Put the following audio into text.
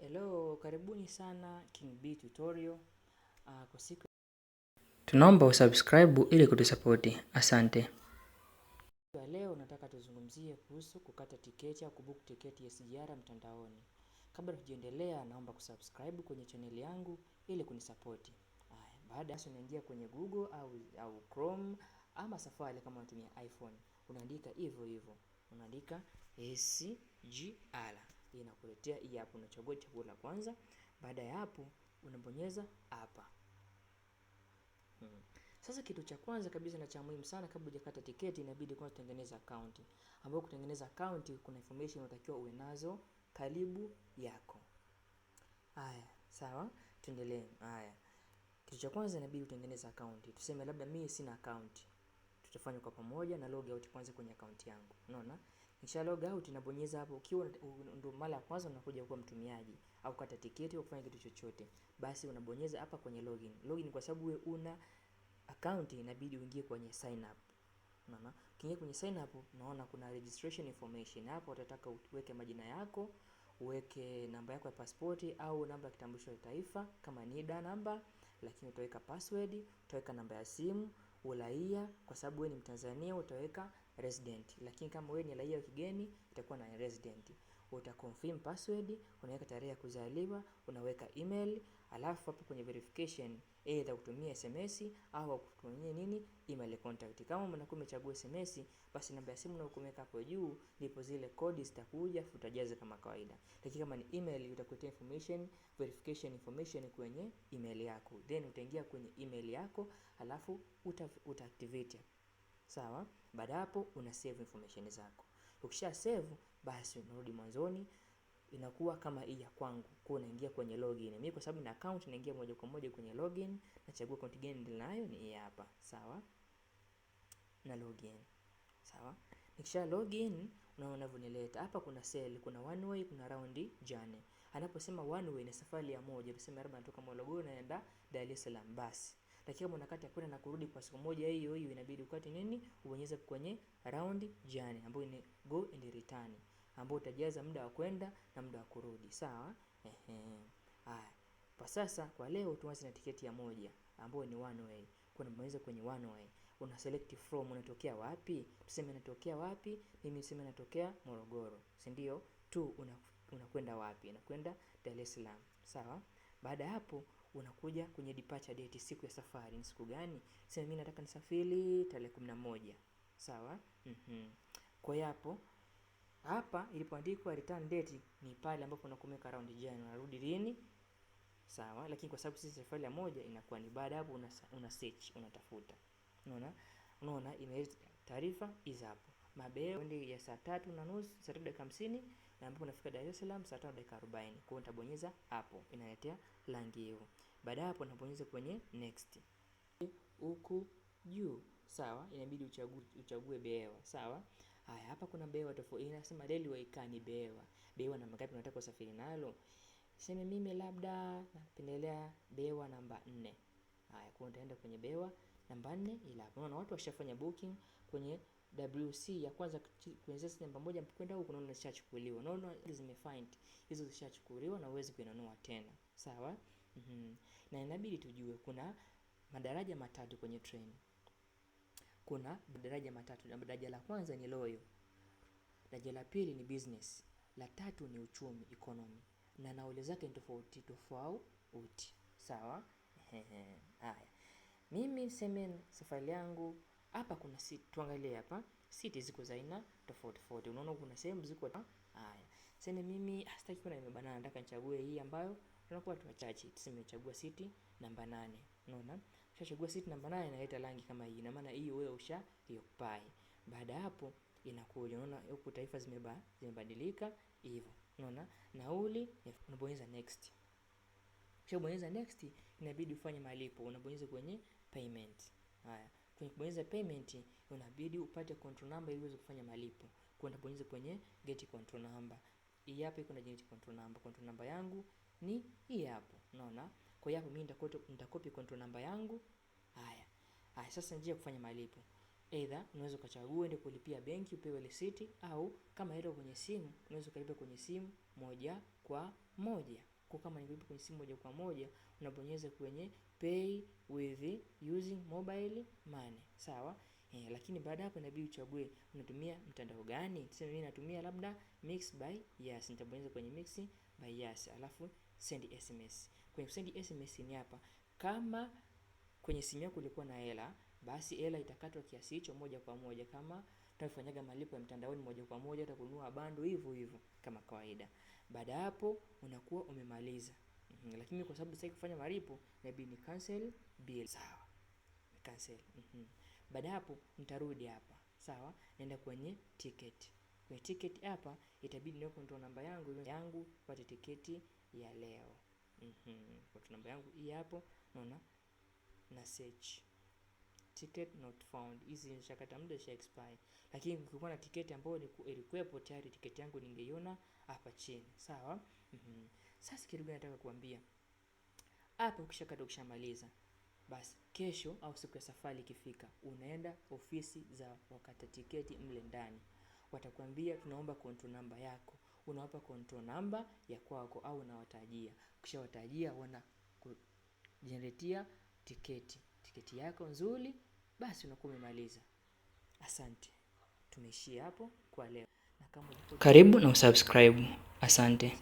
Hello, karibuni sana B Tutorial. Uh, kwa siku tunaomba usubscribe ili kutusapoti. Asante. Kwa leo nataka tuzungumzie kuhusu kukata tiketi au kubuku tiketi ya SGR mtandaoni. Kabla tujiendelea, naomba kusubscribe kwenye chaneli yangu ili kunisapoti. Baada ya unaingia kwenye Google au, au Chrome ama Safari kama unatumia iPhone, unaandika hivyo hivyo, unaandika SGR inakuletea hii hapo. Unachagua chaguo la kwanza. Baada ya hapo unabonyeza hapa. Hmm. Sasa kitu cha kwanza kabisa na cha muhimu sana kabla hujakata tiketi inabidi kwanza kutengeneza account. Ambapo kutengeneza account kuna information unatakiwa uwe nazo karibu yako. Haya, sawa? Tuendelee. Haya. Kitu cha kwanza inabidi utengeneze account. Tuseme labda mimi sina account. Tutafanya kwa pamoja na log out kwanza kwenye account yangu. Unaona? Nikisha log out nabonyeza hapo, ukiwa ndio mara ya kwanza unakuja kuwa mtumiaji au kata tiketi au kufanya kitu chochote, basi unabonyeza hapa kwenye login. Login kwa sababu wewe una account, inabidi uingie kwenye sign up. Unaona, ukiingia kwenye sign up unaona kuna registration information hapo, utataka uweke majina yako, uweke namba yako ya pasipoti au namba ya kitambulisho cha taifa kama ni NIDA namba, lakini utaweka password, utaweka namba ya simu, uraia, kwa sababu wewe ni Mtanzania utaweka resident, lakini kama wewe ni raia wa kigeni itakuwa na resident. Uta confirm password, unaweka tarehe ya kuzaliwa, unaweka email, alafu hapo kwenye verification aidha kutumia SMS au kutumia nini email contact. Kama mnakuwa umechagua SMS, basi namba ya simu na ukumeweka hapo juu, ndipo zile kodi zitakuja, utajaza kama kawaida. Lakini kama ni email, utakuletea information verification information kwenye email yako, then utaingia kwenye email yako, alafu uta, uta activate sawa. Baada hapo una save information zako. Ukisha save, basi unarudi mwanzoni, inakuwa kama hii ya kwangu, kwa unaingia kwenye login. Mimi kwa sababu na account naingia moja kwa moja kwenye login, nachagua account gani ninayo, ni hii hapa, sawa, na login, sawa. Nikisha login unaona vunileta hapa, kuna sell, kuna one way, kuna round journey. Anaposema one way ni safari ya moja, tuseme labda natoka Morogoro naenda Dar es Salaam, basi katika mwanakati ya kwenda na kurudi kwa siku moja hiyo hiyo, inabidi ukate nini, ubonyeze kwenye round journey ambayo ni go and return, ambayo utajaza muda wa kwenda na muda wa kurudi. Sawa, ehe. Haya, kwa sasa kwa leo tuanze na tiketi ya moja ambayo ni one way. Kuna mbonyeza kwenye one way, una select from, unatokea wapi? Tuseme natokea wapi mimi, niseme natokea Morogoro, si ndio? tu unakwenda una wapi? Unakwenda Dar es Salaam. Sawa, baada hapo unakuja kwenye departure date, siku ya safari ni siku gani? Sema mimi nataka nisafiri tarehe kumi na moja. Sawa? Mm-hmm. Kwa hiyo hapo hapa ilipoandikwa return date ni pale ambapo unakomeka around January, unarudi lini? Sawa? Lakini kwa sababu sisi safari ya moja inakuwa ni baada hapo una, una search unatafuta. Unaona? Unaona ime taarifa is hapo. Mabeyo kundi ya saa tatu na nusu, saa tatu dakika hamsini na ambapo nafika Dar es Salaam saa tano dakika arobaini. Kwa hiyo nitabonyeza hapo, inaletea rangi hiyo. Baada hapo nitabonyeza kwenye next huku juu, sawa. Inabidi uchague uchague behewa, sawa. Haya, hapa kuna behewa tofauti, inasema reli waikani behewa. Behewa namba ngapi unataka usafiri nalo? Sema mimi labda napendelea behewa namba nne. Haya, kwa nitaenda kwenye behewa namba nne, ila unaona watu washafanya booking kwenye WC ya kwanza kuanzia namba moja kwenda huko, unaona zishachukuliwa. Unaona zimefind hizo zishachukuliwa na uwezi kuinunua tena, sawa? mm -hmm. Na inabidi tujue kuna madaraja matatu kwenye train. Kuna madaraja matatu, na daraja la kwanza ni loyo, daraja la pili ni business, la tatu ni uchumi economy, na nauli zake ni tofauti tofauti, sawa? Haya, mimi semen safari yangu hapa kuna siti, tuangalie hapa. Siti ziko za aina tofauti tofauti. Unaona kuna sehemu ziko haya. Sema mimi sitaki kuna nimebanana, nataka nichague hii ambayo tunakuwa tu wachache. Tuseme nimechagua siti namba nane. Unaona? Ushachagua city namba nane inaleta rangi kama hii. Ina maana hii wewe usha occupy. Baada hapo inakuja unaona huko taifa zimeba zimebadilika hivyo. Unaona? Nauli unabonyeza next. bonyeza next inabidi ufanye malipo. Unabonyeza kwenye payment. Haya kwenye kubonyeza payment unabidi upate control number ili uweze kufanya malipo. Kwa nitabonyeza kwenye get control number. Hii hapa iko na get control number. Control number yangu ni hii hapo. Unaona? Kwa hiyo hapo mimi nitakopi control number yangu. Haya. Haya, sasa njia ya kufanya malipo. Either unaweza ukachagua ende kulipia benki upewe receipt au kama ile kwenye simu unaweza ukalipa kwenye simu moja kwa moja. Kwa kama ni kwenye simu moja kwa moja, unabonyeza kwenye pay with using mobile money, sawa eh. Lakini baada hapo inabidi uchague unatumia mtandao gani. Tuseme mimi natumia labda Mix by Yas, nitabonyeza kwenye Mix by Yas alafu send SMS. Kwenye send SMS ni hapa, kama kwenye simu yako ulikuwa na hela, basi hela itakatwa kiasi hicho moja kwa moja kama tunafanyaga malipo ya mtandaoni moja kwa moja, hata kununua bando hivyo hivyo kama kawaida. Baada hapo unakuwa umemaliza. Mm -hmm. Lakini kwa sababu sitaki kufanya malipo inabidi ni cancel bill. Sawa. Cancel. Mm -hmm. Baada hapo nitarudi hapa. Sawa, naenda kwenye ticket. Kwenye ticket hapa itabidi niweke ndo namba yangu yangu pate tiketi ya leo. Mhm. Mm kwa namba yangu hii hapo naona na search ticket not found. Hizi nishakata muda sha expire, lakini kukiwa na tiketi ambayo ilikuwepo tayari, tiketi yangu ningeiona hapa chini, sawa. mm -hmm. Sasa kitu gani nataka kuambia hapa, ukishakata ukishamaliza basi kesho au siku ya safari ikifika, unaenda ofisi za wakata tiketi mle ndani, watakwambia tunaomba control namba yako. Unawapa control namba ya kwako au unawatajia. Ukishawatajia, wana kujeneretia tiketi tiketi yako nzuri basi unakuwa umemaliza. Asante, tumeishia hapo kwa leo, na kama karibu na usubscribe. Asante.